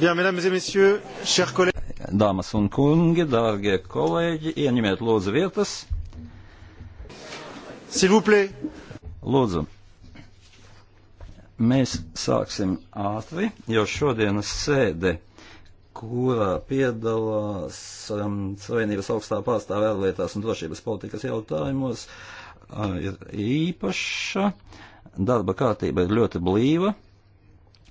Bien, mesdames et messieurs, chers collègues. Dāmas un kungi, dārgie kolēģi, ieņemiet lūdzu vietas. S'il vous plaît. Lūdzu. Mēs sāksim ātri, jo šodienas sēde, kurā piedalās um, Savienības augstā pārstāvē ārlietās un drošības politikas jautājumos, uh, ir īpaša. Darba kārtība ir ļoti blīva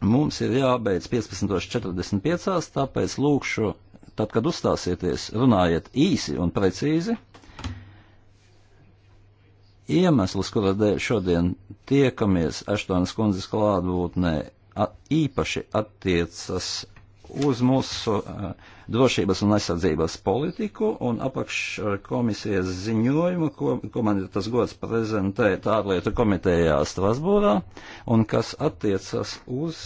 Mums ir jābeidz 15.45, tāpēc lūkšu, tad, kad uzstāsieties, runājiet īsi un precīzi. Iemesls, kura dēļ šodien tiekamies Aštonas kundzes klātbūtnē, īpaši attiecas uz mūsu eh, drošības un aizsardzības politiku un apakškomisijas eh, ziņojumu, ko, ko man ir tas gods prezentēt ārlietu komitejā Strasbūrā un kas attiecas uz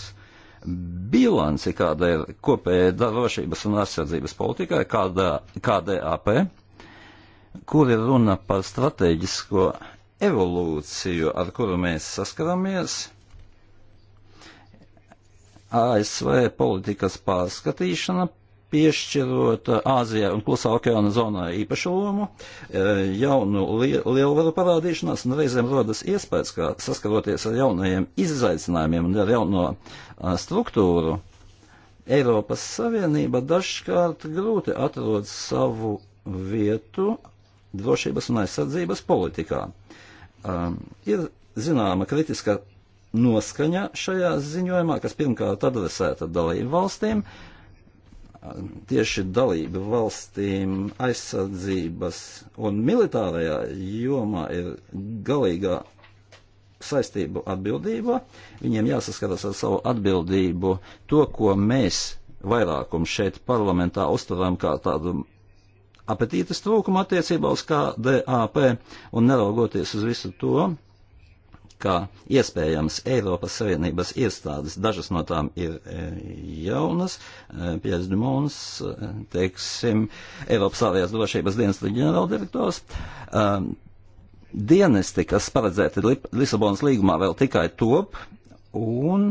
bilanci, kāda ir kopēja drošības un aizsardzības politikai, kāda, KDAP, kur ir runa par strateģisko evolūciju, ar kuru mēs saskaramies ASV politikas pārskatīšana piešķirot Āzijai un Klusā okeāna zonai īpašu lomu, e, jaunu lielvaru parādīšanās, un reizēm rodas iespējas, ka saskaroties ar jaunajiem izaicinājumiem un ar jauno struktūru, Eiropas Savienība dažkārt grūti atrod savu vietu drošības un aizsardzības politikā. Um, ir zināma kritiska noskaņa šajā ziņojumā, kas pirmkārt adresēta dalību valstīm, tieši dalību valstīm aizsardzības un militārajā jomā ir galīgā saistību atbildība, viņiem jāsaskatās ar savu atbildību to, ko mēs vairākums šeit parlamentā uztveram kā tādu apetītes trūkumu attiecībā uz KDAP un neraugoties uz visu to, kā iespējams Eiropas Savienības iestādes. Dažas no tām ir e, jaunas. E, Piers Dumons, e, teiksim, Eiropas ārējās drošības dienas ģenerāldirektors dienesti, kas paredzēti Lisabonas līgumā, vēl tikai top, un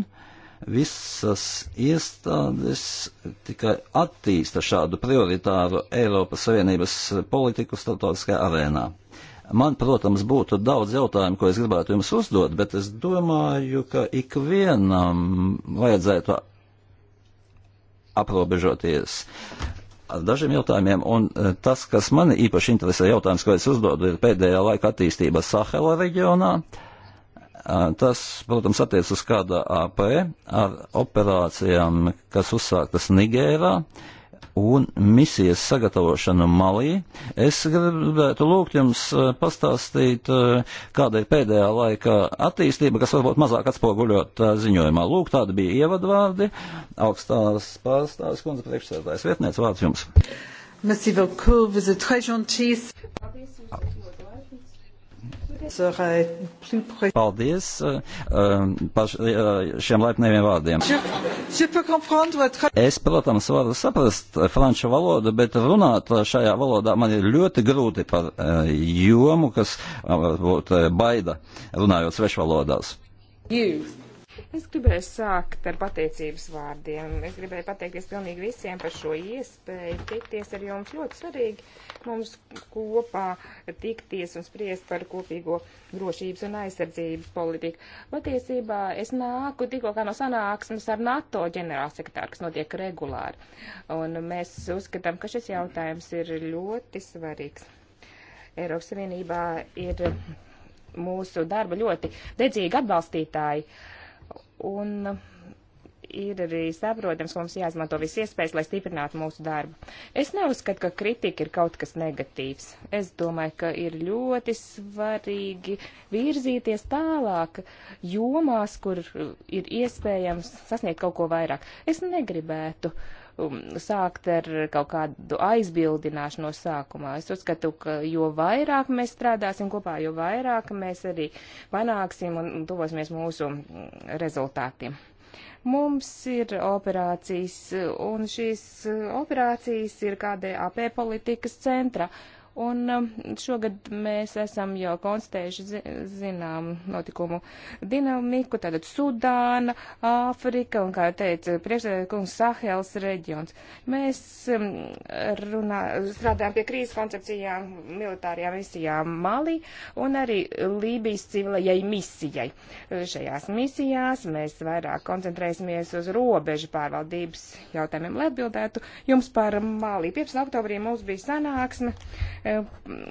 visas iestādes tikai attīsta šādu prioritāru Eiropas Savienības politiku starptautiskajā arēnā. Man, protams, būtu daudz jautājumu, ko es gribētu jums uzdot, bet es domāju, ka ikvienam vajadzētu aprobežoties ar dažiem jautājumiem, un e, tas, kas mani īpaši interesē, jautājums, ko es uzdodu, ir pēdējā laika attīstība Sahela reģionā. E, tas, protams, attiec uz kāda AP ar operācijām, kas uzsāktas Nigērā. Uh, un misijas sagatavošanu Malī. Es gribētu lūgt jums eh, pastāstīt, eh, kāda ir pēdējā laika attīstība, kas varbūt mazāk atspoguļot eh, ziņojumā. Lūk, tādi bija ievadvārdi. Augstās pārstāvis kundze priekšsēdājas vietniece vārds jums. Merci beaucoup, vous êtes très gentil. Paldies, jums ļoti. Paldies eh, eh, par eh, šiem laipniem vārdiem. Es, protams, varu saprast franču valodu, bet runāt šajā valodā man ir ļoti grūti par jomu, kas būtu baida runājot svešvalodās. Jūs. Es gribēju sākt ar pateicības vārdiem. Es gribēju pateikties pilnīgi visiem par šo iespēju tikties ar jums. Ļoti svarīgi mums kopā tikties un spriest par kopīgo drošības un aizsardzības politiku. Patiesībā es nāku tikko kā no sanāksmes ar NATO ģenerālsekretāru, kas notiek regulāri. Un mēs uzskatām, ka šis jautājums ir ļoti svarīgs. Eiropas Savienībā ir mūsu darba ļoti dedzīgi atbalstītāji. Uh, Un ir arī saprotams, ka mums jāizmanto viss iespējas, lai stiprinātu mūsu darbu. Es neuzskatu, ka kritika ir kaut kas negatīvs. Es domāju, ka ir ļoti svarīgi virzīties tālāk jomās, kur ir iespējams sasniegt kaut ko vairāk. Es negribētu uh, Um, sākt ar kaut kādu aizbildināšanos sākumā. Es uzskatu, ka jo vairāk mēs strādāsim kopā, jo vairāk mēs arī panāksim un tuvosimies mūsu mm, rezultātiem. Mums ir operācijas, un šīs mm, operācijas ir kādai AP politikas centra. Uh, Un um, šogad mēs esam jau konstatējuši zinām notikumu dinamiku, tātad Sudāna, Āfrika un, kā teica priekšsēdētājs, Sahels reģions. Mēs um, runā, strādājam pie krīzes koncepcijām, militārajām misijām Mali un arī Lībijas civilajai misijai. Šajās misijās mēs vairāk koncentrēsimies uz robežu pārvaldības jautājumiem, lai atbildētu jums par Mali. 15. oktobrī mums bija sanāksme Eh,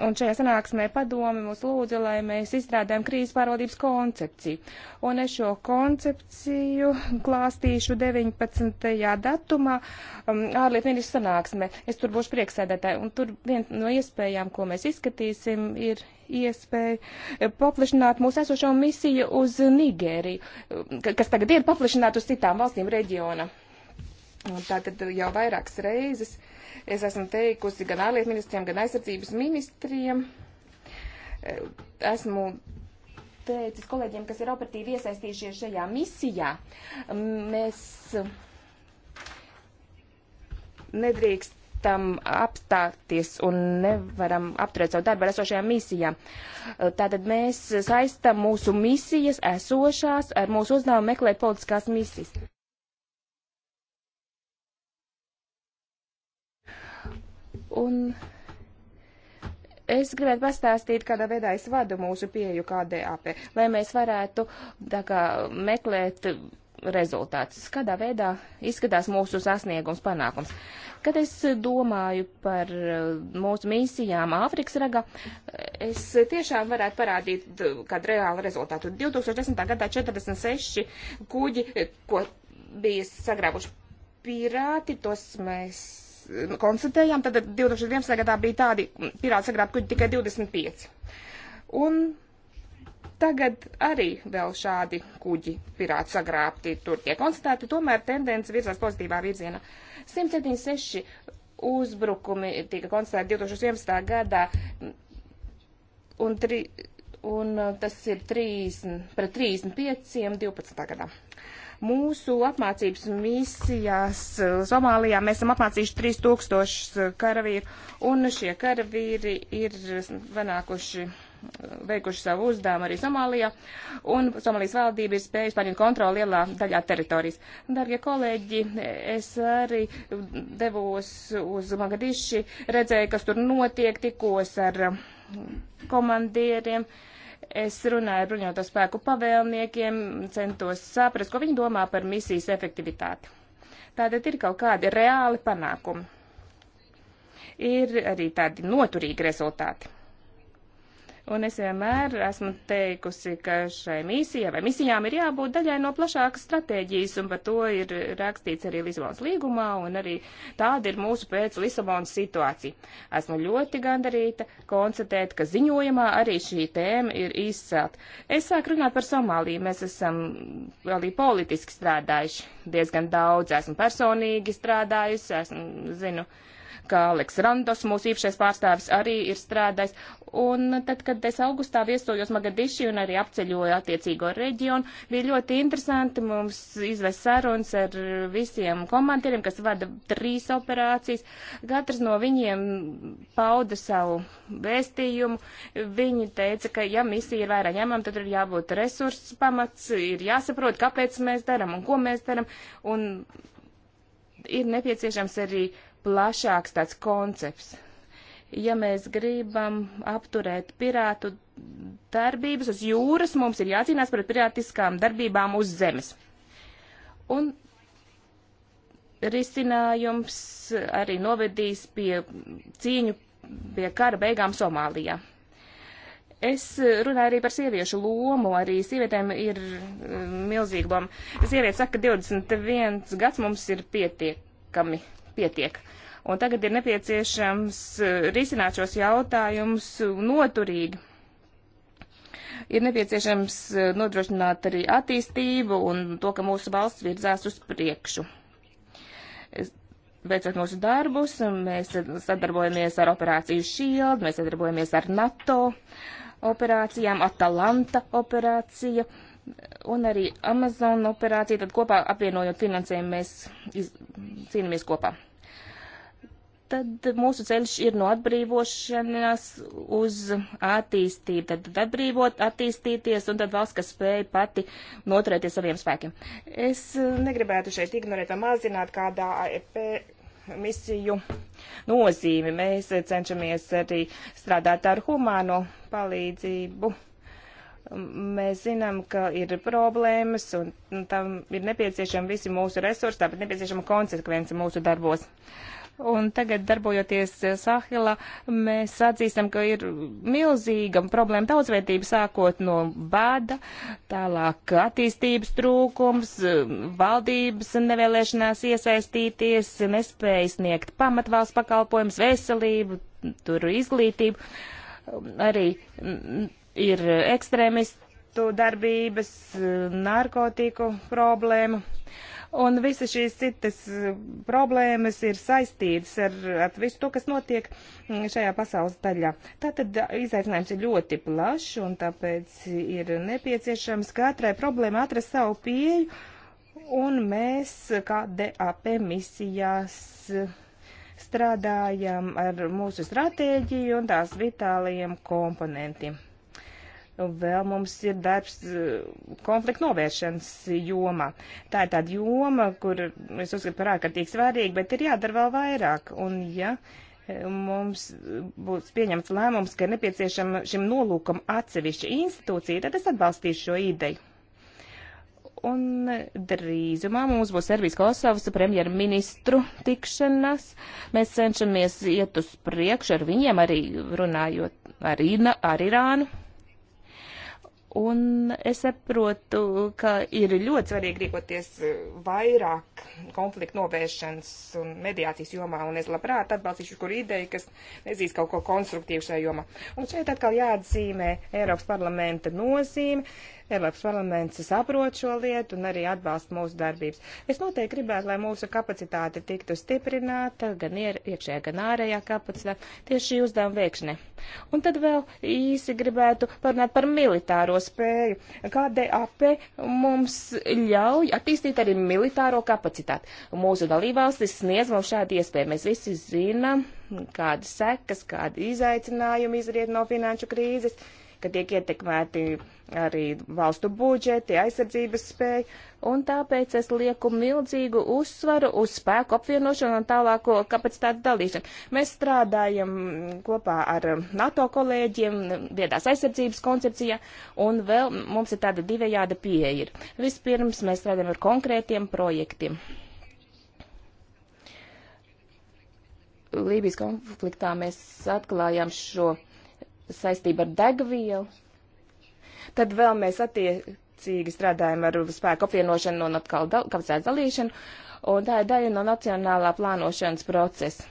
un šajā sanāksmē padomi mūs lūdza, lai mēs izstrādājam krīzes pārvaldības koncepciju. Un es šo koncepciju klāstīšu 19. datumā um, ārlietu ministru sanāksmē. Es tur būšu prieksēdētāji. Un tur viena no iespējām, ko mēs izskatīsim, ir iespēja eh, paplašināt mūsu esošo misiju uz Nigēriju, kas tagad ir paplašināt uz citām valstīm reģiona. Un tātad jau vairākas reizes uh, Es esmu teikusi gan ārlietu ministriem, gan aizsardzības ministriem. E, esmu teicis kolēģiem, kas ir operatīvi iesaistījušies šajā misijā. Mēs nedrīkstam apstāties un nevaram apturēt savu darbu ar esošajām misijām. E, tātad mēs saistam mūsu misijas esošās ar mūsu uzdevumu meklēt politiskās misijas. Un es gribētu pastāstīt, kādā veidā es vadu mūsu pieju KDAP, lai mēs varētu tā kā meklēt rezultātus, kādā veidā izskatās mūsu sasniegums, panākums. Kad es domāju par uh, mūsu misijām Āfrikas ragā, es tiešām varētu parādīt kādu reālu rezultātu. 2010. gadā 46 kuģi, ko bija sagrābuši pirāti, tos mēs nu, konstatējām, tad 2011. gadā bija tādi pirāti sagrābti kuģi tikai 25. Un tagad arī vēl šādi kuģi pirāti sagrābti tur tiek konstatēti, tomēr tendence virzās pozitīvā virzienā. 176 uzbrukumi tika konstatēti 2011. gadā, un, tri, un uh, tas ir 30, pret 35 12. gadā. Mūsu apmācības misijās eh, Somālijā mēs esam apmācījuši 3000 eh, karavīru, un šie karavīri ir eh, vanākuši veikuši savu uzdevumu arī Somālijā, un Somālijas valdība ir spējusi paņemt kontroli lielā daļā teritorijas. Dargie kolēģi, es arī devos uz Magadiši, redzēju, kas tur notiek, tikos ar komandieriem. Uh, Es runāju ar bruņoto spēku pavēlniekiem, centos saprast, ko viņi domā par misijas efektivitāti. Tātad ir kaut kādi reāli panākumi. Ir arī tādi noturīgi rezultāti. Un es vienmēr esmu teikusi, ka šai misijai vai misijām ir jābūt daļai no plašākas stratēģijas, un par to ir rakstīts arī Lisbonas līgumā, un arī tāda ir mūsu pēc Lisabonas situācija. Esmu ļoti gandarīta konstatēt, ka ziņojumā arī šī tēma ir izcelt. Es sāku runāt par Somāliju. Mēs esam arī politiski strādājuši diezgan daudz. Esmu personīgi strādājusi, esmu, zinu, uh, ka Aleks Randos, mūsu īpašais pārstāvis, arī ir strādājis. Un tad, kad es augustā viesojos Magadiši un arī apceļoju attiecīgo reģionu, bija ļoti interesanti mums izvest sarunas ar visiem komandieriem, kas vada trīs operācijas. Katrs no viņiem pauda savu vēstījumu. Viņi teica, ka ja misija ir vairāk ņemama, tad ir jābūt resursu pamats, ir jāsaprot, kāpēc mēs darām un ko mēs darām. Un ir nepieciešams arī plašāks tāds koncepts. Ja mēs gribam apturēt pirātu darbības uz jūras, mums ir jācīnās pret pirātiskām darbībām uz zemes. Un risinājums arī novedīs pie cīņu pie kara beigām Somālijā. Es runāju arī par sieviešu lomu, arī sievietēm ir eh, milzīga loma. Sieviete saka, ka 21 gads mums ir pietiekami pietiek. Un tagad ir nepieciešams eh, risināt šos jautājumus noturīgi. Ir nepieciešams eh, nodrošināt arī attīstību un to, ka mūsu valsts virzās uz priekšu. Beidzot mūsu darbus, mēs sadarbojamies ar operāciju Shield, mēs sadarbojamies ar NATO operācijām, Atalanta operācija. Uh, un arī Amazon operācija, tad kopā apvienojot finansējumu mēs iz, cīnāmies kopā. Tad mūsu ceļš ir no atbrīvošanās uz attīstību, tad atbrīvot, attīstīties un tad valsts, kas spēja pati noturēties saviem spēkiem. Es eh, negribētu šeit ignorēt vai mazināt kādā AEP misiju nozīmi. Mēs cenšamies arī strādāt ar humāno palīdzību Mēs zinām, ka ir problēmas un tam ir nepieciešami visi mūsu resursi, tāpat nepieciešama konsekvence mūsu darbos. Un tagad, darbojoties Sahila, mēs atzīstam, ka ir milzīga problēma daudzveidība, sākot no bada, tālāk attīstības trūkums, valdības nevēlēšanās iesaistīties, nespēja sniegt pamatvalsts pakalpojums, veselību, tur izglītību, arī ir ekstrēmistu darbības, narkotiku problēma. Un visas šīs citas eh, problēmas ir saistītas ar, ar visu to, kas notiek mm, šajā pasaules daļā. Tātad eh, izaicinājums ir ļoti plašs, un tāpēc ir nepieciešams katrai problēmai atrast savu pieeju, un mēs kā DAP misijās strādājam ar mūsu stratēģiju un tās vitālajiem komponentiem. Vēl mums ir darbs eh, konflikta novēršanas jomā. Tā ir tāda joma, kur es uzskatu par ārkārtīgi svarīgu, bet ir jādara vēl vairāk. Un, ja, eh, mums būs pieņemts lēmums, ka nepieciešama šim nolūkam atsevišķa institūcija, tad es atbalstīšu šo ideju. Un eh, drīzumā mums būs Serbijas Kosovas premjerministru tikšanas. Mēs cenšamies iet uz priekšu ar viņiem, arī runājot ar, Ina, ar Irānu. Un es saprotu, ka ir ļoti svarīgi rīkoties eh, vairāk konfliktu novēršanas un mediācijas jomā, un es labprāt atbalstīšu kuru ideju, kas nezīs kaut ko konstruktīvu šajā jomā. Un šeit atkal jāatzīmē Eiropas parlamenta nozīme. Eiropas parlaments saprot šo lietu un arī atbalsta mūsu darbības. Es noteikti gribētu, lai mūsu kapacitāte tiktu stiprināta, gan iekšējā, gan ārējā kapacitāte, tieši šī uzdevuma veikšanai. Un tad vēl īsi gribētu parunāt par militāro spēju. KDAP mums ļauj attīstīt arī militāro kapacitāti. Mūsu dalībvalstis sniedz mums šādu iespēju. Mēs visi zinām, kādas sekas, kādi izaicinājumi izriet no finanšu krīzes ka tiek ietekmēti arī valstu budžeti, aizsardzības spēja, un tāpēc es lieku milzīgu uzsvaru uz spēku apvienošanu un tālāko kapacitātu dalīšanu. Mēs strādājam kopā ar NATO kolēģiem, viedās aizsardzības koncepcijā, un vēl mums ir tāda divējāda pieeja. Vispirms mēs strādājam ar konkrētiem projektiem. Lībijas konfliktā mēs atklājām šo saistība ar degvielu. Tad vēl mēs attiecīgi strādājam ar spēku apvienošanu un atkal dal, kapacitātes dalīšanu, un tā ir daļa no nacionālā plānošanas procesa.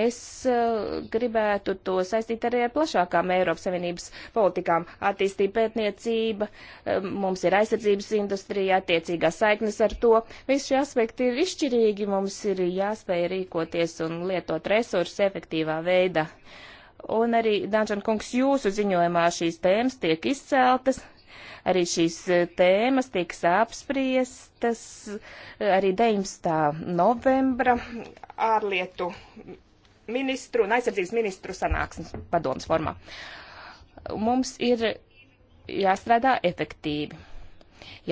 Es uh, gribētu to saistīt arī ar plašākām Eiropas Savienības politikām. Attīstība pētniecība, eh, mums ir aizsardzības industrija, attiecīgās saiknes ar to. Visi šie aspekti ir izšķirīgi, mums ir jāspēj rīkoties un lietot resursus efektīvā veidā. Uh, Un arī, Dančan kungs, jūsu ziņojumā šīs tēmas tiek izceltas, arī šīs e, tēmas tiks apspriestas arī 19. novembra ārlietu ministru un aizsardzības ministru sanāksmes padomas formā. Mums ir jāstrādā efektīvi.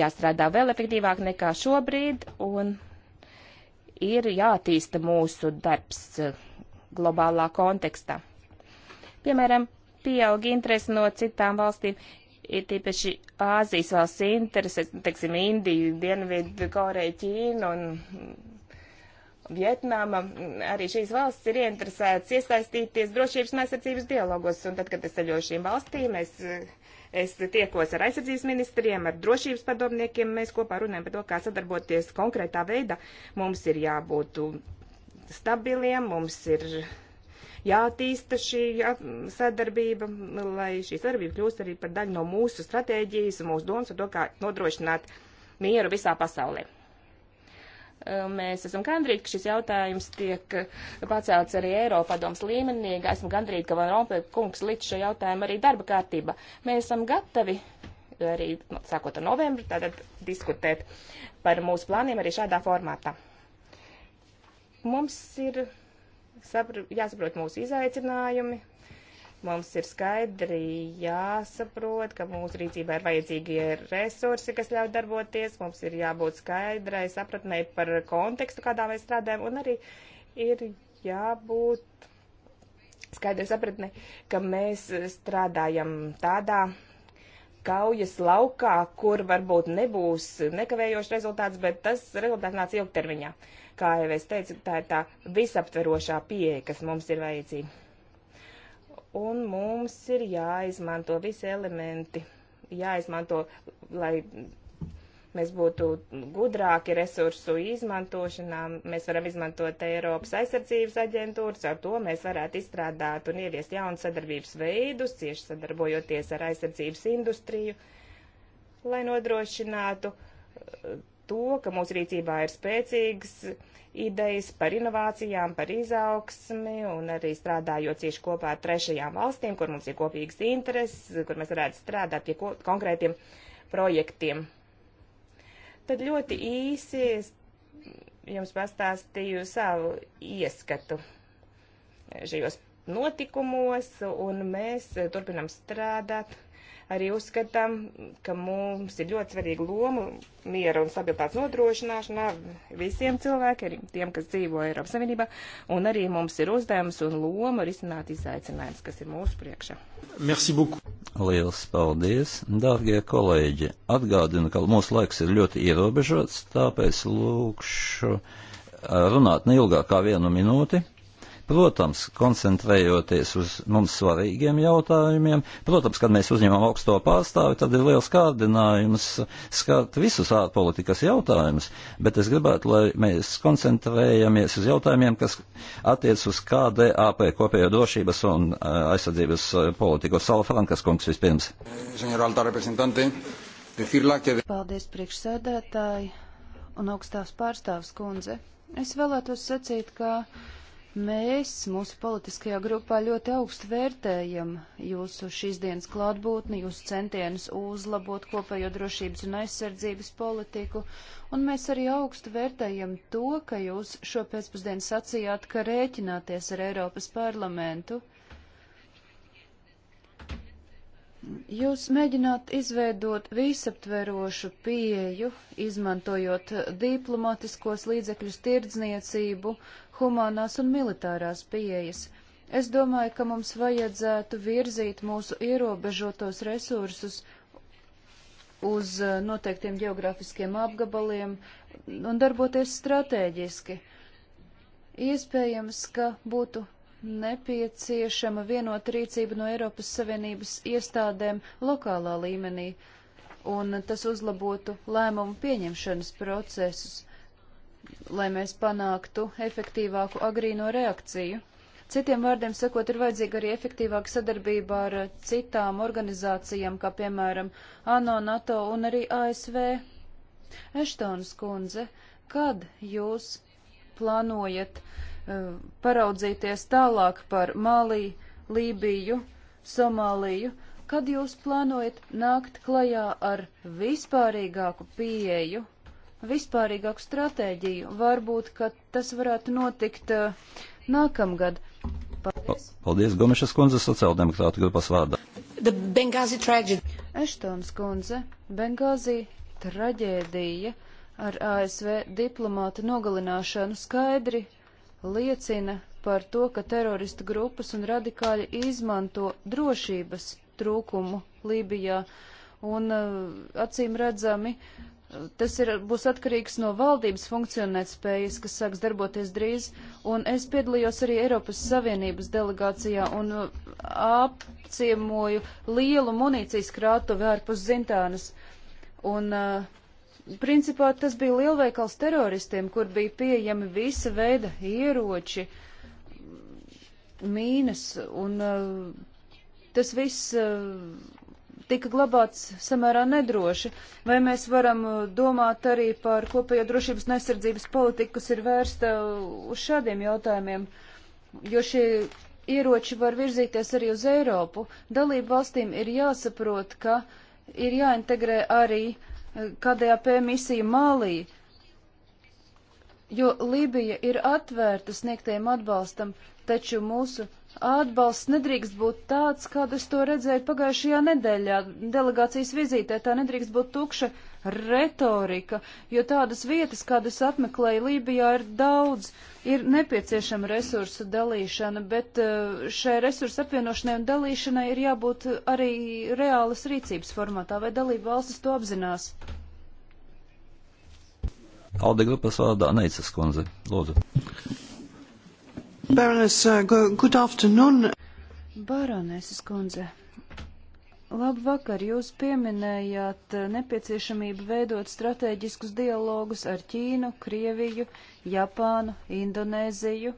Jāstrādā vēl efektīvāk nekā šobrīd un ir jātīsta mūsu darbs e, globālā kontekstā. Piemēram, pieaug interesi no citām valstīm, ir tīpaši Āzijas valsts intereses, teiksim, Indiju, Dienvidu, Koreju, Ķīnu un Vietnama, arī šīs valsts ir ieinteresētas iesaistīties drošības un aizsardzības dialogos. Un tad, kad es ceļoju šīm valstīm, es, es tiekos ar aizsardzības ministriem, ar drošības padomniekiem, mēs kopā runājam par to, kā sadarboties konkrētā veidā. Mums ir jābūt stabiliem, mums ir jātīsta šī sadarbība, lai šī sadarbība kļūst arī par daļu no mūsu stratēģijas un mūsu domas par to, kā nodrošināt mieru visā pasaulē. Mēs esam gandrīz, ka šis jautājums tiek pacelts arī Eiropadoms līmenī. Esmu gandrīz, ka Van Rompē kungs līdz šo jautājumu arī darba kārtība. Mēs esam gatavi arī, no, nu, sākot ar novembru, tātad diskutēt par mūsu plāniem arī šādā formātā. Mums ir sapr jāsaprot mūsu izaicinājumi, mums ir skaidri jāsaprot, ka mūsu rīcībā ir vajadzīgie resursi, kas ļauj darboties, mums ir jābūt skaidrai sapratnei par kontekstu, kādā mēs strādājam, un arī ir jābūt skaidrai sapratnei, ka mēs strādājam tādā kaujas laukā, kur varbūt nebūs nekavējošs rezultāts, bet tas rezultāts nāca ilgtermiņā. Uh, Kā jau es teicu, tā ir tā visaptverošā pieeja, kas mums ir vajadzīga. Un mums ir jāizmanto visi elementi, jāizmanto, lai mēs būtu gudrāki resursu izmantošanā, mēs varam izmantot Eiropas aizsardzības aģentūras, ar to mēs varētu izstrādāt un ieviest jaunu sadarbības veidus, cieši sadarbojoties ar aizsardzības industriju, lai nodrošinātu to, ka mūsu rīcībā ir spēcīgas idejas par inovācijām, par izaugsmi un arī strādājot cieši kopā ar trešajām valstīm, kur mums ir kopīgas intereses, kur mēs varētu strādāt pie ko, konkrētiem projektiem. Tad ļoti īsi es jums pastāstīju savu ieskatu šajos notikumos, un mēs turpinam strādāt arī uzskatām, ka mums ir ļoti svarīga loma miera un stabilitātes nodrošināšanā visiem cilvēkiem, tiem, kas dzīvo Eiropas Savienībā, un arī mums ir uzdevums un loma risināt izaicinājums, kas ir mūsu priekšā. Merci beaucoup! Liels paldies, dārgie kolēģi! Atgādinu, ka mūsu laiks ir ļoti ierobežots, tāpēc lūkšu eh, runāt neilgāk kā vienu minūti. Protams, koncentrējoties uz mums svarīgiem jautājumiem, protams, kad mēs uzņemam augsto pārstāvi, tad ir liels kārdinājums skart visus ārpolitikas jautājumus, bet es gribētu, lai mēs koncentrējamies uz jautājumiem, kas attiec uz KDAP kopējo drošības un eh, aizsardzības eh, politiku. Salafrankas kungs vispirms. Paldies, priekšsēdētāji un augstās pārstāvs kundze. Es vēlētos sacīt, ka Mēs mūsu politiskajā grupā ļoti augstu vērtējam jūsu šīs dienas klātbūtni, jūsu centienus uzlabot kopējo drošības un aizsardzības politiku, un mēs arī augstu vērtējam to, ka jūs šo pēcpusdienu sacījāt, ka rēķināties ar Eiropas parlamentu. Jūs mēģināt izveidot visaptverošu pieju, izmantojot diplomatiskos līdzekļus, tirdzniecību, humanās un militārās pieejas. Es domāju, ka mums vajadzētu virzīt mūsu ierobežotos resursus uz uh, noteiktiem geogrāfiskiem apgabaliem un darboties stratēģiski. Iespējams, ka būtu nepieciešama vienota rīcība no Eiropas Savienības iestādēm lokālā līmenī, un tas uzlabotu lēmumu pieņemšanas procesus, lai mēs panāktu efektīvāku agrīno reakciju. Citiem vārdiem sakot, ir vajadzīga arī efektīvāka sadarbība ar citām organizācijām, kā piemēram ANO, NATO un arī ASV. Eštons kundze, kad jūs plānojat uh, Eh, paraudzīties tālāk par Malī, Lībiju, Somāliju, kad jūs plānojat nākt klajā ar vispārīgāku pieeju, vispārīgāku stratēģiju? Varbūt, ka tas varētu notikt eh, nākamgad. Paldies, Paldies Gomešas kundze, sociāldemokrāta grupas vārdā. Eštons kundze, Bengāzī traģēdija ar ASV diplomāta nogalināšanu skaidri liecina par to, ka teroristu grupas un radikāļi izmanto drošības trūkumu Lībijā. Un eh, acīm redzami, eh, tas ir, būs atkarīgs no valdības funkcionēt spējas, kas sāks darboties drīz. Un es piedalījos arī Eiropas Savienības delegācijā un eh, apciemoju lielu munīcijas krātuvi ārpus Zintānas. Un uh, Principā tas bija lielveikals teroristiem, kur bija pieejami visa veida ieroči, mīnas, un uh, tas viss uh, tika glabāts samērā nedroši. Vai mēs varam uh, domāt arī par kopējo drošības un aizsardzības politiku, kas ir vērsta uz šādiem jautājumiem? Jo šie ieroči var virzīties arī uz Eiropu. Dalību valstīm ir jāsaprot, ka ir jāintegrē arī uh, KDAP misiju Malī, jo Libija ir atvērta sniegtiem atbalstam, taču mūsu atbalsts nedrīkst būt tāds, kādu es to redzēju pagājušajā nedēļā delegācijas vizītē. Tā nedrīkst būt tukša retorika, jo tādas vietas, kādas apmeklēju Lībijā, ir daudz. Ir nepieciešama resursu dalīšana, bet eh, šai resursu apvienošanai un dalīšanai ir jābūt arī reālas rīcības formātā, vai dalība valstis to apzinās. Alde grupas vārdā Neicas kundze, lūdzu. Baroness, uh, good afternoon. Baroneses kundze, labvakar, jūs pieminējāt uh, nepieciešamību veidot strateģiskus dialogus ar Ķīnu, Krieviju, Japānu, Indonēziju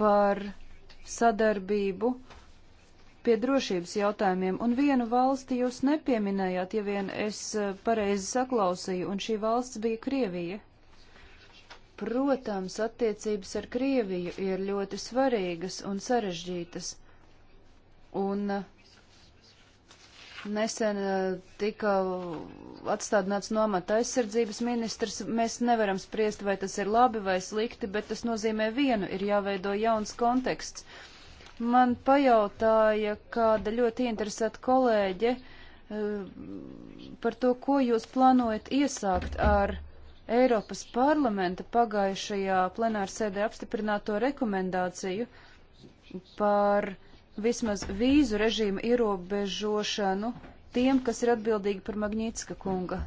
par sadarbību pie drošības jautājumiem, un vienu valsti jūs nepieminējāt, ja vien es uh, pareizi saklausīju, un šī valsts bija Krievija. Protams, attiecības ar Krieviju ir ļoti svarīgas un sarežģītas. Un uh, nesen uh, tika atstādināts no amata aizsardzības ministrs. Mēs nevaram spriest, vai tas ir labi vai slikti, bet tas nozīmē vienu, ir jāveido jauns konteksts. Man pajautāja kāda ļoti interesēta kolēģe uh, par to, ko jūs plānojat iesākt ar Eiropas parlamenta pagājušajā plenārsēdē apstiprināto rekomendāciju par vismaz vīzu režīmu ierobežošanu tiem, kas ir atbildīgi par Magnītiska kunga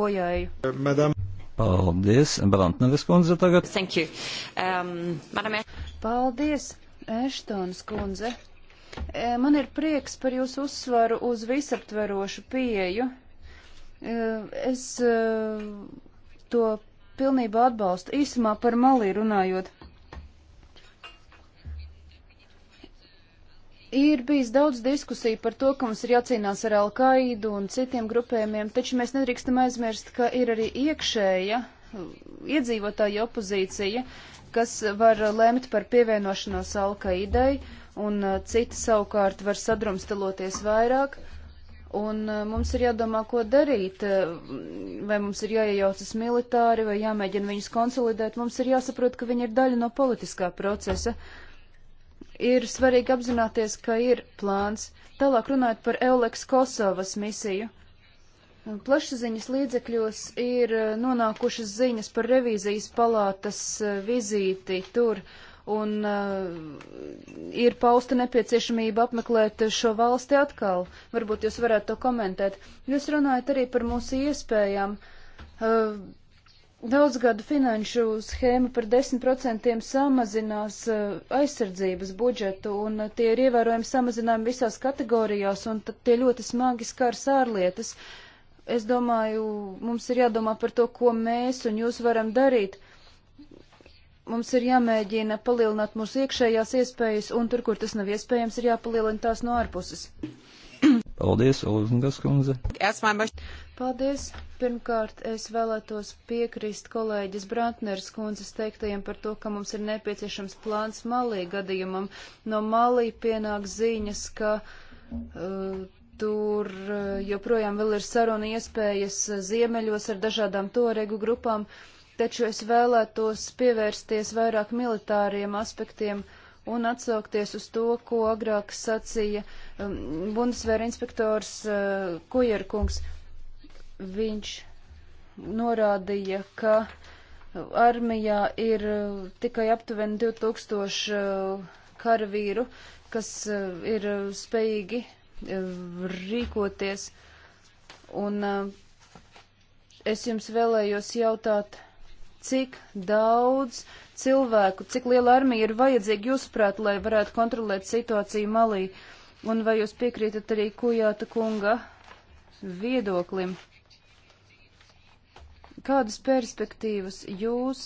bojāju. Madam. Paldies, Brantneves kundze tagad. Thank you. Um, madam... Paldies, Eštons kundze. E, man ir prieks par jūsu uzsvaru uz visaptverošu pieju. E, es e, to pilnībā atbalstu. Īsumā par Malī runājot. Ir bijis daudz diskusiju par to, ka mums ir jācīnās ar Alkaidu un citiem grupējumiem, taču mēs nedrīkstam aizmirst, ka ir arī iekšēja iedzīvotāja opozīcija, kas var lemt par pievienošanos Alkaidai, un uh, citi savukārt var sadrumstaloties vairāk. Uh, Un e, mums ir jādomā, ko darīt, e, vai mums ir jāiejaucas militāri, vai jāmēģina viņus konsolidēt. Mums ir jāsaprot, ka viņi ir daļa no politiskā procesa. Ir svarīgi apzināties, ka ir plāns. Tālāk runājot par Euleks Kosovas misiju. Plašsaziņas līdzekļos ir e, nonākušas ziņas par revīzijas palātas vizīti tur, un uh, ir pausta nepieciešamība apmeklēt šo valsti atkal. Varbūt jūs varētu to komentēt. Jūs runājat arī par mūsu iespējām. Uh, Daudzgadu finanšu schēma par 10% samazinās uh, aizsardzības budžetu, un uh, tie ir ievērojami samazinājumi visās kategorijās, un tie ļoti smagi skars ārlietas. Es domāju, mums ir jādomā par to, ko mēs un jūs varam darīt mums ir jāmēģina palielināt mūsu iekšējās iespējas, un tur, kur tas nav iespējams, ir jāpalielina tās no ārpuses. Paldies, Olzungas kundze. Paldies. Pirmkārt, es vēlētos piekrist kolēģis Brantners kundzes teiktajiem par to, ka mums ir nepieciešams plāns Malī gadījumam. No Malī pienāk ziņas, ka uh, tur uh, joprojām vēl ir saruna iespējas ziemeļos ar dažādām toregu grupām. Uh, taču es vēlētos pievērsties vairāk militāriem aspektiem un atsaukties uz to, ko agrāk sacīja um, Bundesvēra inspektors uh, Kujerkungs. Viņš norādīja, ka armijā ir uh, tikai aptuveni 2000 uh, karavīru, kas uh, ir uh, spējīgi uh, rīkoties. Un uh, es jums vēlējos jautāt, cik daudz cilvēku, cik liela armija ir vajadzīga jūsuprāt, lai varētu kontrolēt situāciju Malī? Un vai jūs piekrītat arī Kujāta kunga viedoklim? Kādas perspektīvas jūs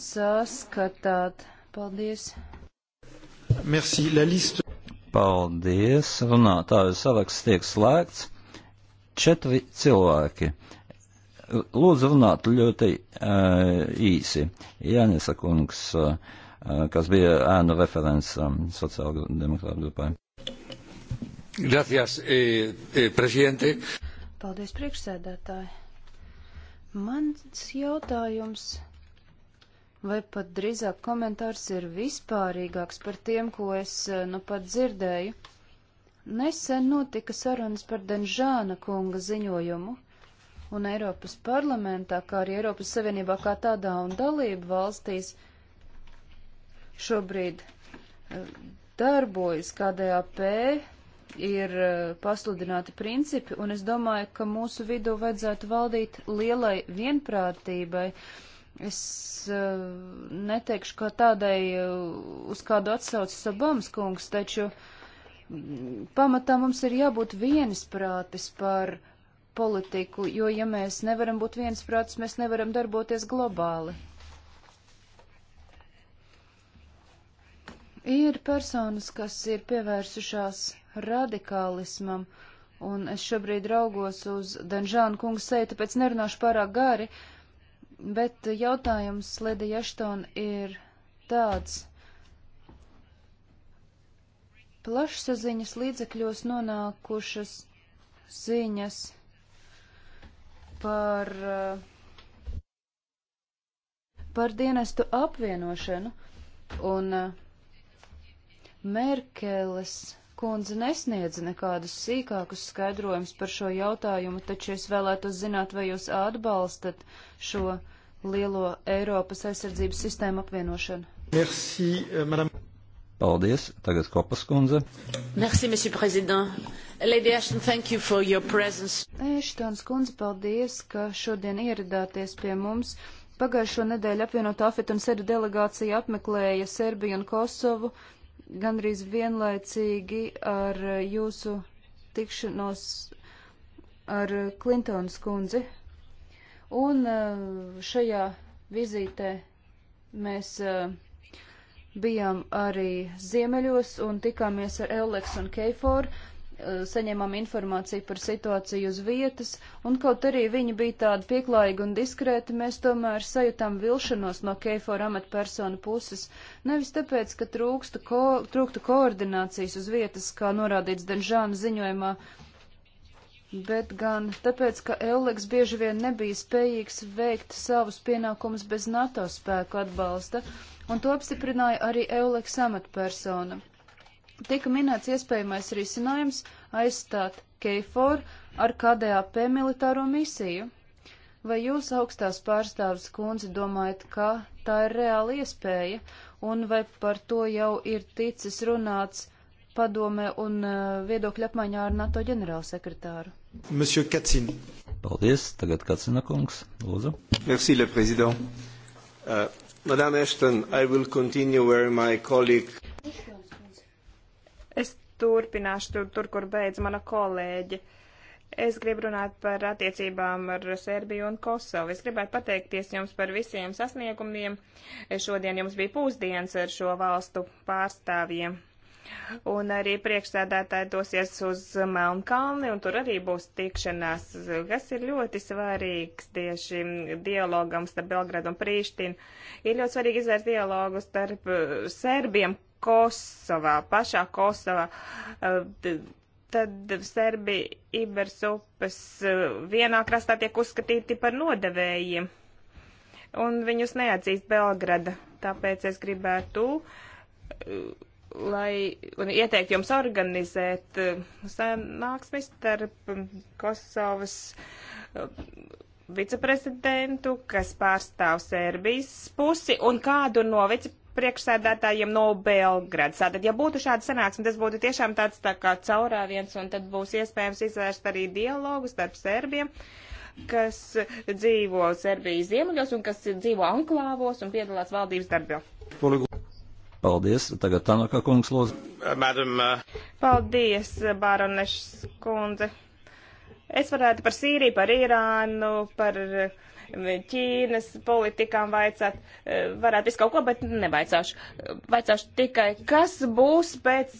saskatāt? Paldies! Merci, la liste. Paldies! Runātāju saraksts tiek slēgts. Četri cilvēki. Lūdzu runāt ļoti uh, īsi. Jānis Kungs, uh, kas bija ēnu referents um, sociāla demokrāta grupai. Gracias, eh, eh, presidente. Paldies, priekšsēdētāji. Mans jautājums, vai pat drīzāk komentārs ir vispārīgāks par tiem, ko es eh, nu pat dzirdēju. Nesen notika sarunas par Denžāna kunga ziņojumu, un Eiropas parlamentā, kā arī Eiropas Savienībā kā tādā un dalību valstīs šobrīd eh, darbojas KDAP, ir eh, pasludināti principi, un es domāju, ka mūsu vidū vajadzētu valdīt lielai vienprātībai. Es eh, neteikšu, ka tādai uz kādu atsaucas Obamas kungs, taču mm, pamatā mums ir jābūt viensprātis par uh, politiku, jo ja mēs nevaram būt viensprāts, mēs nevaram darboties globāli. Ir personas, kas ir pievērsušās radikālismam, un es šobrīd raugos uz Danžānu kungu seju, tāpēc nerunāšu pārāk gari, bet jautājums Ledi Jaštona ir tāds. Plašsaziņas līdzekļos nonākušas ziņas par, eh, par dienestu apvienošanu, un eh, Merkeles kundze nesniedz nekādus sīkākus skaidrojumus par šo jautājumu, taču es vēlētos zināt, vai jūs atbalstat šo lielo Eiropas aizsardzības sistēmu apvienošanu. Merci, eh, madame. Paldies. Tagad Kopas kundze. Merci, monsieur prezident. Lady Ashton, thank you for your presence. Ashtons kundze, paldies, ka šodien ieradāties pie mums. Pagājušo nedēļu apvienotā Afet un Seru delegācija apmeklēja Serbiju un Kosovu gandrīz vienlaicīgi ar jūsu tikšanos ar Klintons kundzi. Un eh, šajā vizītē mēs uh, bijām arī ziemeļos un tikāmies ar Eleks un Keiforu, eh, saņēmām informāciju par situāciju uz vietas, un kaut arī viņi bija tādi pieklājīgi un diskrēti, mēs tomēr sajūtām vilšanos no Keifora amatpersonu puses, nevis tāpēc, ka trūkstu ko, trūktu koordinācijas uz vietas, kā norādīts Denžāna ziņojumā, bet gan tāpēc, ka Euleks bieži vien nebija spējīgs veikt savus pienākumus bez NATO spēku atbalsta, un to apstiprināja arī Euleks amatpersona. Tika minēts iespējamais risinājums aizstāt KFOR ar KDAP militāro misiju. Vai jūs, augstās pārstāvis kundze, domājat, ka tā ir reāla iespēja, un vai par to jau ir ticis runāts padomē un eh, viedokļu apmaiņā ar NATO ģenerālsekretāru. Monsieur Kacin. Paldies. Tagad Kacina kungs. Lūdzu. Merci, le président. Uh, Madame Ashton, I will continue where my colleague. Es turpināšu tur, tur kur beidz mana kolēģe. Es gribu runāt par attiecībām ar Serbiju un Kosovu. Es gribētu pateikties jums par visiem sasniegumiem. Šodien jums bija pūzdienas ar šo valstu pārstāvjiem. Un arī priekšstādātāji dosies uz Melnkalni, un tur arī būs tikšanās, kas ir ļoti svarīgs tieši dialogam starp Belgradu un Prīštinu. Ir ļoti svarīgi izvērst dialogu starp eh, Serbiem Kosovā, pašā Kosovā. Eh, tad Serbi Ibersupas eh, vienā krastā tiek uzskatīti par nodevējiem, un viņus neatzīst Belgrada. Tāpēc es gribētu lai un ieteikt jums organizēt eh, sanāksmi starp Kosovas eh, viceprezidentu, kas pārstāv Sērbijas pusi, un kādu no vicepriekšsēdētājiem no Belgradas. Tātad, ja būtu šāda sanāksme, tas būtu tiešām tāds tā kā caurāviens, un tad būs iespējams izvērst arī dialogu starp Sērbiem kas dzīvo Serbijas ziemeļos un kas dzīvo anklāvos un piedalās valdības darbā. Paldies. Tagad Tanaka kungs lūdzu. Uh, madam. Uh, Paldies, Bāronešs kundze. Es varētu par Sīriju, par Irānu, par uh, Ķīnas politikām vaicāt. Varētu visu kaut ko, bet nevaicāšu. Vaicāšu tikai, kas būs pēc,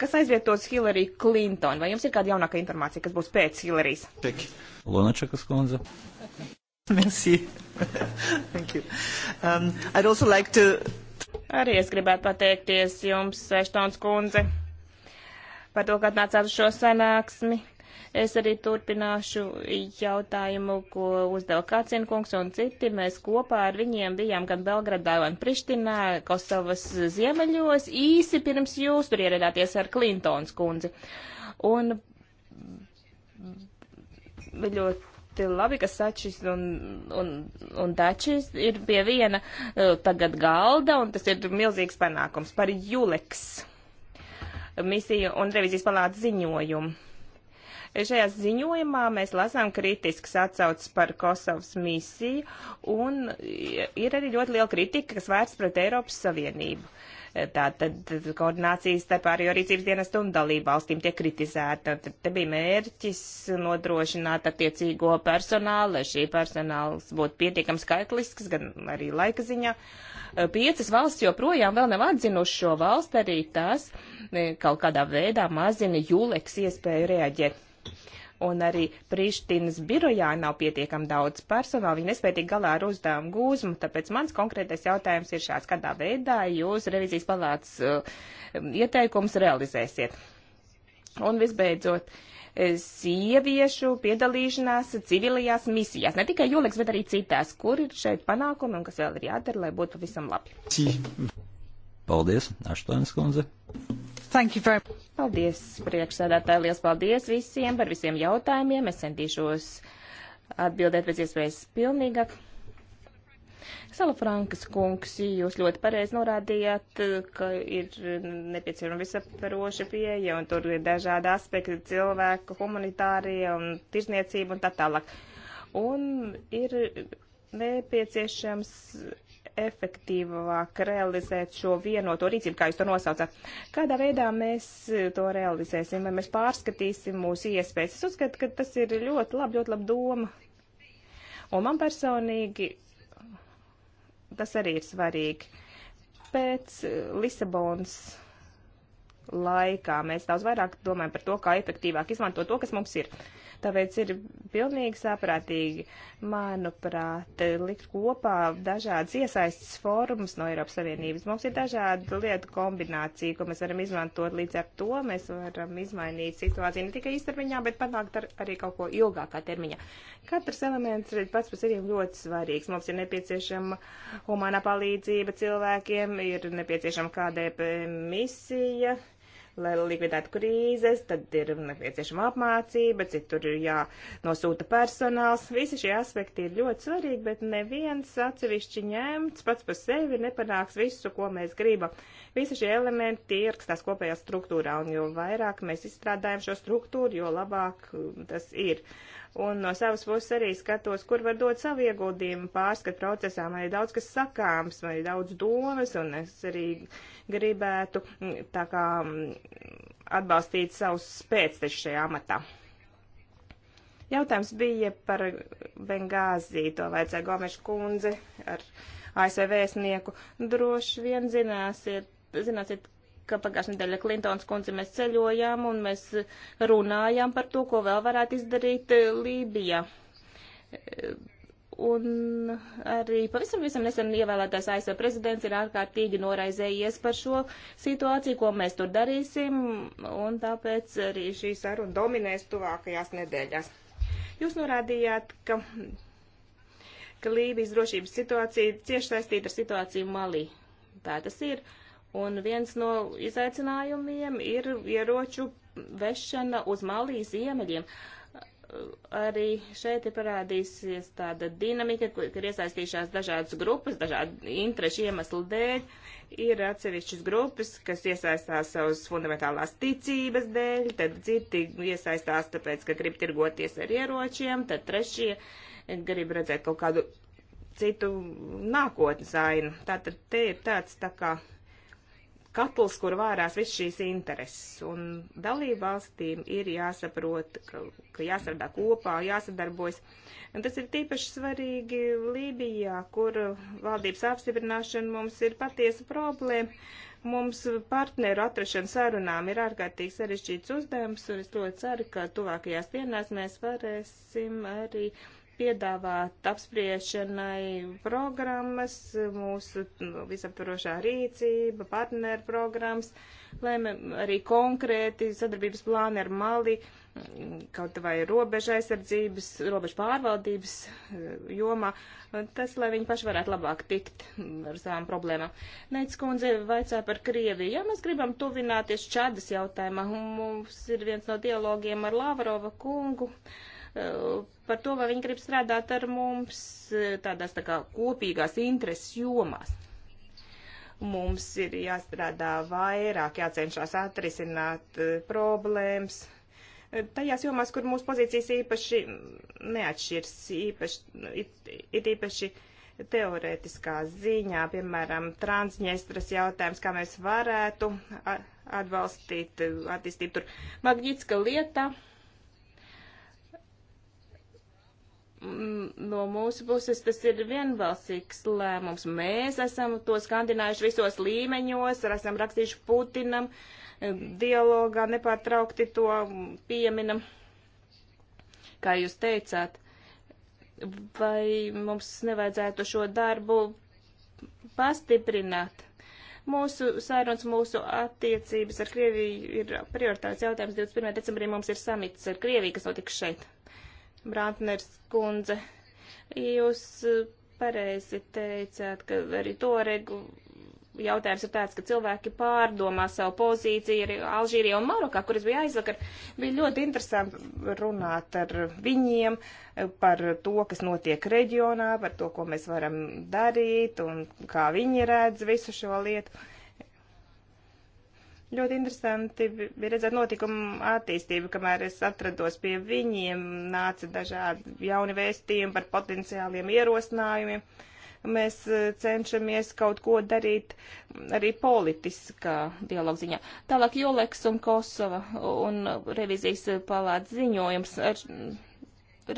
kas aizvietos Hillary Clinton? Vai jums ir kāda jaunāka informācija, kas būs pēc Hillarijas? Tik. Lunačakas kundze. Merci. Thank you. Um, I'd also like to Arī es gribētu pateikties jums, Eštons kundze, par to, ka atnācāt uz šo sanāksmi. Es arī turpināšu jautājumu, ko uzdeva Kācina kungs un citi. Mēs kopā ar viņiem bijām gan Belgradā, gan Prištinā, Kosovas ziemeļos, īsi pirms jūs tur ieradāties ar Klintons kundzi. Un ļoti ļoti labi, ka Sačis un, un, un Dačis ir pie viena e, tagad galda, un tas ir milzīgs panākums par Juleks misiju un revizijas palātas ziņojumu. Šajā ziņojumā mēs lasām kritisks atsaucis par Kosovas misiju, un ir arī ļoti liela kritika, kas vērts pret Eiropas Savienību. Uh, Tātad koordinācijas starp ārējo rīcības dienestu un dalību valstīm tiek kritizēta. Tad te bija mērķis nodrošināt attiecīgo personālu, lai šī personāls būtu pietiekams skaitlisks, gan arī laika ziņā. Piecas valsts joprojām vēl nav atzinuši šo valstu, arī tās e, kaut kādā veidā mazina jūleks iespēju reaģēt un arī Prištinas birojā nav pietiekami daudz personāla. Viņi nespēja tikt galā ar uzdevumu gūzmu, tāpēc mans konkrētais jautājums ir šāds, kādā veidā jūs revizijas palāts uh, ieteikums realizēsiet. Un visbeidzot, eh, sieviešu piedalīšanās civilajās misijās, ne tikai Juleks, bet arī citās, kur ir šeit panākumi un kas vēl ir jādara, lai būtu pavisam labi. Paldies, Aštoņas kundze. Paldies, priekšsēdētāji, liels paldies visiem par visiem jautājumiem. Es centīšos atbildēt pēc iespējas pilnīgāk. Salafrankas kungs, jūs ļoti pareizi norādījāt, ka ir nepieciešama visaparoša pieeja, un tur ir dažādi aspekti cilvēku, humanitārie un tirzniecība un tā tālāk. Un ir nepieciešams efektīvāk realizēt šo vienoto rīcību, kā jūs to nosaucat. Kādā veidā mēs to realizēsim, vai mēs pārskatīsim mūsu iespējas? Es uzskatu, ka tas ir ļoti labi, ļoti laba doma. Un man personīgi tas arī ir svarīgi. Pēc Lisabonas laikā mēs daudz vairāk domājam par to, kā efektīvāk izmantot to, kas mums ir. Uh, Tāpēc ir pilnīgi saprātīgi, manuprāt, likt kopā dažādas iesaistas formas no Eiropas Savienības. Mums ir dažādu lietu kombinācija, ko mēs varam izmantot. Līdz ar to mēs varam izmainīt situāciju ne tikai īstermiņā, bet panākt ar, arī kaut ko ilgākā termiņā. Katrs elements ir pats par sevi ļoti svarīgs. Mums ir nepieciešama humānā palīdzība cilvēkiem, ir nepieciešama KDP misija lai likvidētu krīzes, tad ir nepieciešama apmācība, citur ir jānosūta personāls. Visi šie aspekti ir ļoti svarīgi, bet neviens atsevišķi ņemts pats par sevi nepanāks visu, ko mēs gribam. Visi šie elementi ierakstās kopējā struktūrā, un jo vairāk mēs izstrādājam šo struktūru, jo labāk um, tas ir un no savas puses arī skatos, kur var dot savu ieguldījumu pārskat procesā. Man ir daudz kas sakāms, man ir daudz domas, un es arī gribētu mm, tā kā mm, atbalstīt savus spēctešus šajā amatā. Jautājums bija par Bengāzī, to vajadzēja Gomeša kundze ar ASV vēstnieku. Droši vien zināsiet, zināsiet ka pagājušajā nedēļā Klintons kundze mēs ceļojām un mēs runājām par to, ko vēl varētu izdarīt eh, Lībija. Eh, un arī pavisam visam nesen ievēlētais ASV prezidents ir ārkārtīgi noraizējies par šo situāciju, ko mēs tur darīsim, un tāpēc arī šī saruna dominēs tuvākajās nedēļās. Jūs norādījāt, ka, ka Lībijas drošības situācija cieši saistīta ar situāciju Malī. Tā tas ir. Uh, Un viens no izaicinājumiem ir ieroču vešana uz Malijas ziemeļiem. Arī šeit ir parādīsies tāda dinamika, kur iesaistījušās dažādas grupas, dažādu interešu iemeslu dēļ. Ir atsevišķas grupas, kas iesaistās savas fundamentālās ticības dēļ, tad citi iesaistās tāpēc, ka grib tirgoties ar ieročiem, tad trešie grib redzēt kaut kādu citu nākotnes ainu. Tātad te ir tāds tā kā katls, kur vārās viss šīs intereses. Un dalībvalstīm ir jāsaprot, ka, ka jāsardā kopā, jāsadarbojas. Un tas ir tīpaši svarīgi Lībijā, kur valdības apstiprināšana mums ir patiesa problēma. Mums partneru atrašana sarunām ir ārkārtīgi sarežģīts uzdevums, un es ļoti ceru, ka tuvākajās dienās mēs varēsim arī uh, piedāvāt apspriešanai programmas, mūsu nu, visaptvarošā rīcība, partneru programmas, lai arī konkrēti sadarbības plāni ar Mali, kaut vai robeža aizsardzības, robeža pārvaldības eh, jomā, tas, lai viņi paši varētu labāk tikt ar savām problēmām. Neic kundze vaicā par Krieviju. Ja mēs gribam tuvināties Čadas jautājumā, mums ir viens no dialogiem ar Lavrova kungu. Uh, Eh, par to, vai viņi grib strādāt ar mums eh, tādās tā kā kopīgās intereses jomās. Mums ir jāstrādā vairāk, jācenšas atrisināt eh, problēmas tajās jomās, kur mūsu pozīcijas īpaši neatšķirs, īpaši, nu, it, it īpaši teorētiskā ziņā, piemēram, transņestras jautājums, kā mēs varētu atbalstīt attīstību tur. Magnitska lieta Mm, no mūsu puses tas ir vienbalsīgs lēmums. Mēs esam to skandinājuši visos līmeņos, esam rakstījuši Putinam, eh, dialogā nepārtraukti to pieminam. Kā jūs teicāt, vai mums nevajadzētu šo darbu pastiprināt? Mūsu sarunas, mūsu attiecības ar Krieviju ir prioritāts jautājums. 21. decembrī mums ir samits ar Krieviju, kas notiks šeit. Brantners kundze, jūs e, pareizi teicāt, ka arī to regu jautājums ir tāds, ka cilvēki pārdomā savu pozīciju arī Alžīrijā un Marokā, kuras bija aizvakar. Bija ļoti interesanti runāt ar viņiem e, par to, kas notiek reģionā, par to, ko mēs varam darīt un kā viņi redz visu šo lietu. Uh, Ļoti interesanti bija redzēt notikumu attīstību, kamēr es atrados pie viņiem, nāca dažādi jauni vēstījumi par potenciāliem ierosinājumiem. Mēs e, cenšamies kaut ko darīt arī politiskā dialogu ziņā. Tālāk Joleks un Kosova un revizijas palāts ziņojums ar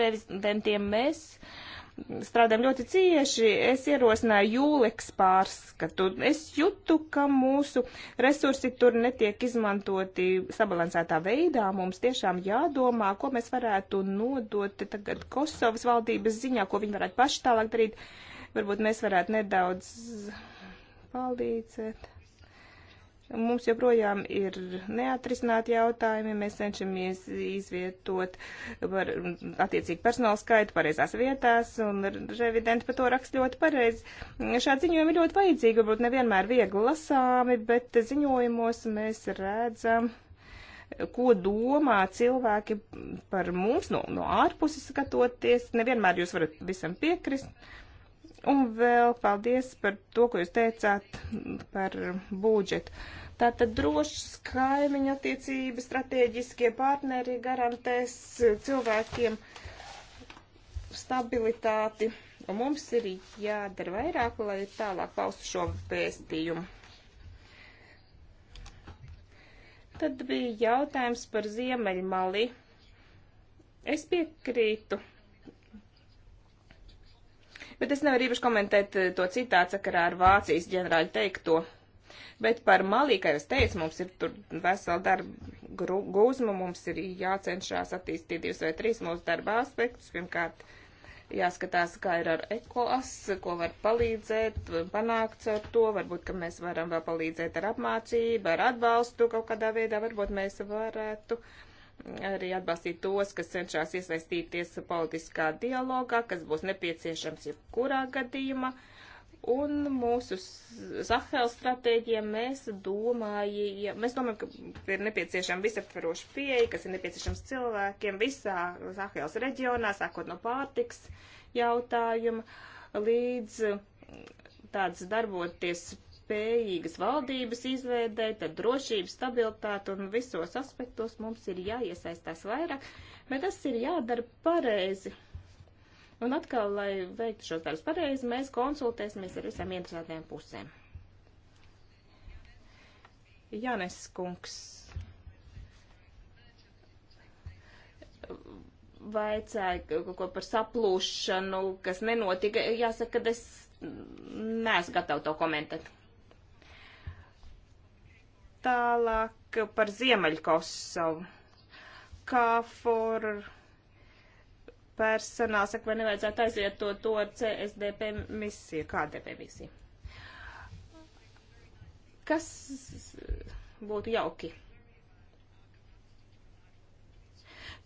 revizentiem mēs. Uh, strādājam ļoti cieši, es ierosināju jūleks pārskatu. Es jutu, ka mūsu resursi tur netiek izmantoti sabalansētā veidā. Mums tiešām jādomā, ko mēs varētu nodot tagad Kosovas valdības ziņā, ko viņi varētu paši tālāk darīt. Varbūt mēs varētu nedaudz palīdzēt. Mums joprojām ir neatrisināti jautājumi, mēs cenšamies izvietot par attiecīgi personāla skaitu pareizās vietās, un revidenti par to raksta ļoti pareizi. Šādi ziņojumi ir ļoti vajadzīgi, varbūt nevienmēr viegli lasāmi, bet ziņojumos mēs redzam ko domā cilvēki par mums no, no ārpuses skatoties. Nevienmēr jūs varat visam piekrist, Un vēl paldies par to, ko jūs teicāt par budžetu. Tātad drošas kaimiņa attiecības, strateģiskie partneri garantēs cilvēkiem stabilitāti. Un mums ir jādara vairāk, lai tālāk paustu šo pēstījumu. Tad bija jautājums par Ziemeļmali. Es piekrītu bet es nevaru īpaši komentēt eh, to citāts sakarā ar Vācijas ģenerāļu teikto. Bet par Malī, kā jau es teicu, mums ir tur vesela darba gūzma, mums ir jācenšās attīstīt divas vai trīs mūsu darba aspektus. Pirmkārt, jāskatās, kā ir ar ekoas, ko var palīdzēt, panākt ar to, varbūt, ka mēs varam vēl palīdzēt ar apmācību, ar atbalstu kaut kādā veidā, varbūt mēs varētu. Uh, arī atbalstīt tos, kas cenšas iesaistīties politiskā dialogā, kas būs nepieciešams jebkurā gadījumā. Un mūsu Sahel stratēģijā mēs domājam, mēs domājam, ka ir nepieciešama visaptveroša pieeja, kas ir nepieciešams cilvēkiem visā Sahels reģionā, sākot no pārtiks jautājuma līdz tāds darboties spējīgas valdības izveidē, tad drošība, stabilitāte un visos aspektos mums ir jāiesaistās vairāk, bet tas ir jādara pareizi. Un atkal, lai veiktu šos darbus pareizi, mēs konsultēsimies ar visām interesētajām pusēm. Jānis Kungs vaicāja kaut ko par saplūšanu, kas nenotika. Jāsaka, ka es neesmu gatava to komentēt. Tālāk par Ziemeļkosovu. Kāfor personāls saka, vai nevajadzētu aiziet to, to CSDP misiju, KDP misiju. Kas būtu jauki?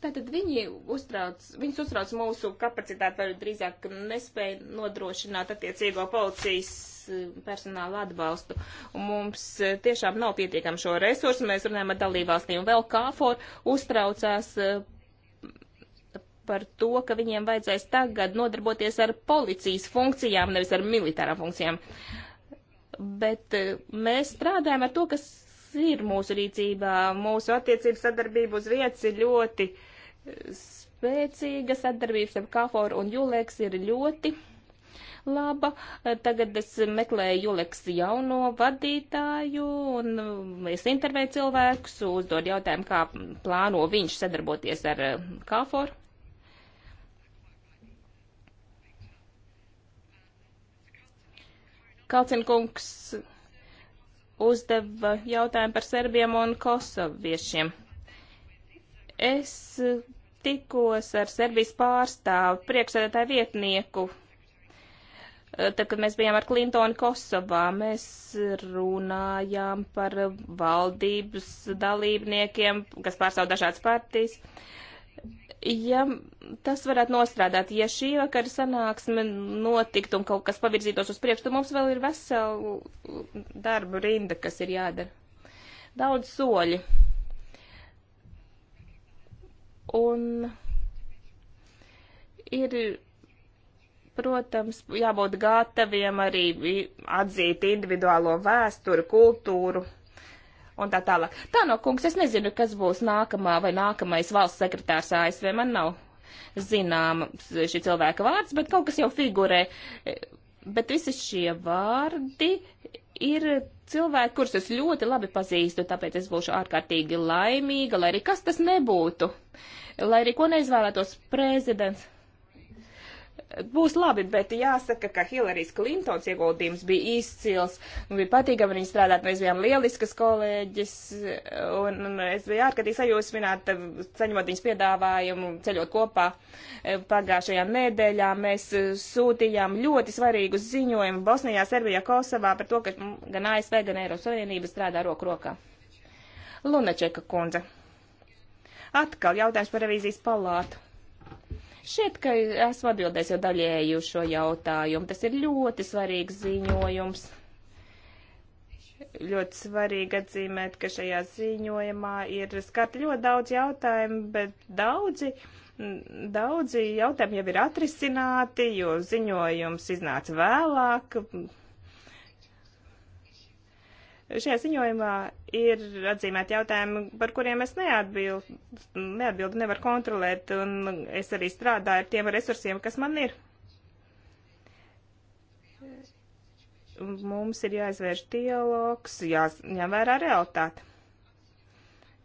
Tātad viņi uztrauc, viņus uztrauc mūsu kapacitāti, vai drīzāk nespēja nodrošināt attiecīgo policijas Eh, personālu atbalstu. Un mums eh, tiešām nav pietiekami šo resursu. Mēs runājam ar dalībvalstīm. Vēl KFOR uztraucās eh, par to, ka viņiem vajadzēs tagad nodarboties ar policijas funkcijām, nevis ar militārām funkcijām. Bet mēs strādājam ar to, kas ir mūsu rīcībā. Mūsu attiecības sadarbība uz vietas ir ļoti spēcīga sadarbības ar Kaforu un Juleks ir ļoti laba. Tagad es meklēju Juleks jauno vadītāju un um, es intervēju cilvēkus, uzdod jautājumu, kā plāno viņš sadarboties ar uh, Kāforu. Kalcinkungs uzdeva jautājumu par serbiem un kosoviešiem. Es tikos ar Serbijas pārstāvu priekšsēdētāju vietnieku Eh, tad, kad mēs bijām ar Klintonu Kosovā, mēs runājām par valdības dalībniekiem, kas pārstāv dažādas partijas. Ja tas varētu nostrādāt, ja šī vakara sanāksme notiktu un kaut kas pavirzītos uz priekšu, tad mums vēl ir vesela darba rinda, kas ir jādara. Daudz soļi. Un ir protams, jābūt gataviem arī atzīt individuālo vēsturi, kultūru un tā tālāk. Tā no kungs, es nezinu, kas būs nākamā vai nākamais valsts sekretārs ASV. Man nav zināma šī cilvēka vārds, bet kaut kas jau figurē. Bet visi šie vārdi ir cilvēki, kurus es ļoti labi pazīstu, tāpēc es būšu ārkārtīgi laimīga, lai arī kas tas nebūtu, lai arī ko neizvēlētos prezidents būs labi, bet jāsaka, ka Hilarijas Klintons ieguldījums bija izcils. Man bija patīkami viņu strādāt, mēs bijām lieliskas kolēģis, un es biju ārkārtīgi sajūsmināta, saņemot viņas piedāvājumu, ceļot kopā. Pagājušajā nedēļā mēs sūtījām ļoti svarīgu ziņojumu Bosnijā, Serbijā, Kosovā par to, ka gan ASV, gan Eiropas Savienība strādā roku rokā. Lunačeka kundze. Atkal jautājums par revīzijas palātu Šķiet, ka esmu atbildējis jau daļēji uz šo jautājumu. Tas ir ļoti svarīgs ziņojums. Ļoti svarīgi atzīmēt, ka šajā ziņojumā ir skarti ļoti daudz jautājumu, bet daudzi, daudzi jautājumi jau ir atrisināti, jo ziņojums iznāca vēlāk, Šajā ziņojumā ir atzīmēti jautājumi, par kuriem es neatbildu, neatbildu nevaru kontrolēt, un es arī strādāju ar tiem resursiem, kas man ir. Mums ir jāizvērš dialogs, jāņem vērā realitāte.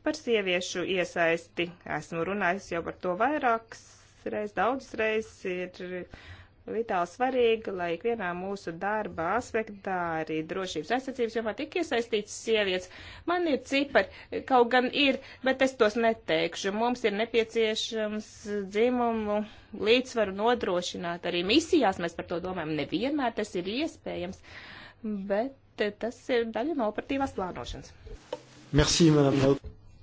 Par sieviešu iesaisti esmu runājis jau par to vairākas reizes, daudzas reizes ir vitāli svarīgi, lai ikvienā mūsu darba aspektā, arī drošības aizsardzības jomā tik iesaistīts sievietes. Man ir cipari, kaut gan ir, bet es tos neteikšu. Mums ir nepieciešams dzimumu līdzsvaru nodrošināt. Arī misijās mēs par to domājam. Nevienmēr tas ir iespējams, bet tas ir daļa no operatīvās plānošanas. Merci, madame.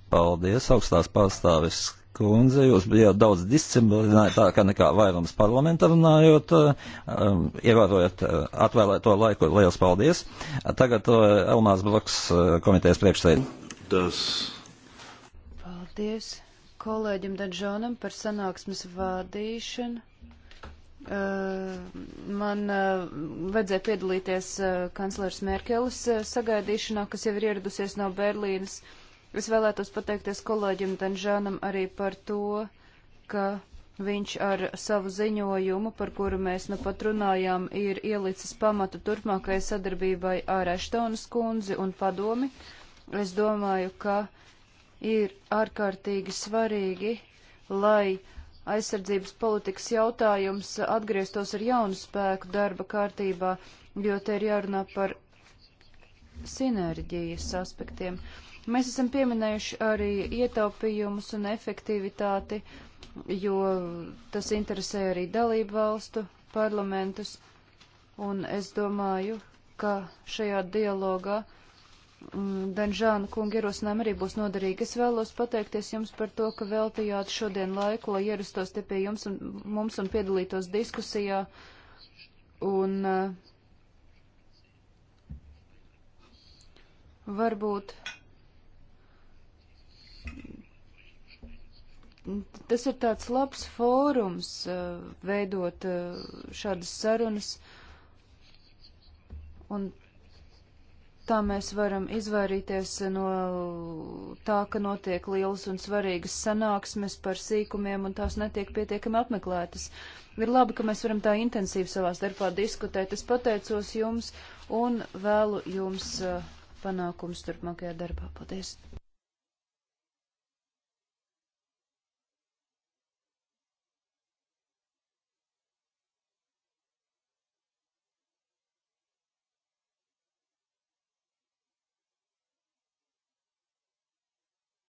Paldies, augstās pārstāvis Kundze, jūs bijāt daudz disciplinētāka nekā vairums parlamentā runājot, um, ievērojot uh, atvēlēto laiku. Liels paldies! Tagad uh, Elmās Bloks uh, komitejas priekšsēdē. Tas. Paldies kolēģim Danžonam par sanāksmes vādīšanu. Uh, man uh, vajadzēja piedalīties uh, kanclers Merkeles sagaidīšanā, kas jau ir ieradusies no Berlīnas. Uh, Es vēlētos pateikties kolēģim Danžānam arī par to, ka viņš ar savu ziņojumu, par kuru mēs nu pat runājām, ir ielicis pamatu turpmākajai sadarbībai ar Eštonas kundzi un padomi. Es domāju, ka ir ārkārtīgi svarīgi, lai aizsardzības politikas jautājums atgrieztos ar jaunu spēku darba kārtībā, jo te ir jārunā par sinerģijas aspektiem. Uh, Mēs esam pieminējuši arī ietaupījumus un efektivitāti, jo tas interesē arī dalību valstu parlamentus, un es domāju, ka šajā dialogā mm, Danžāna kunga ierosinājumi arī būs noderīgi. Es vēlos pateikties jums par to, ka veltījāt šodien laiku, lai ierastos te pie jums un mums un piedalītos diskusijā. Un uh, varbūt tas ir tāds labs fórums uh, veidot uh, šādas sarunas, un tā mēs varam izvairīties no tā, ka notiek lielas un svarīgas sanāksmes par sīkumiem, un tās netiek pietiekami apmeklētas. Ir labi, ka mēs varam tā intensīvi savā starpā diskutēt. Es pateicos jums un vēlu jums uh, panākums turpmākajā darbā. Paldies!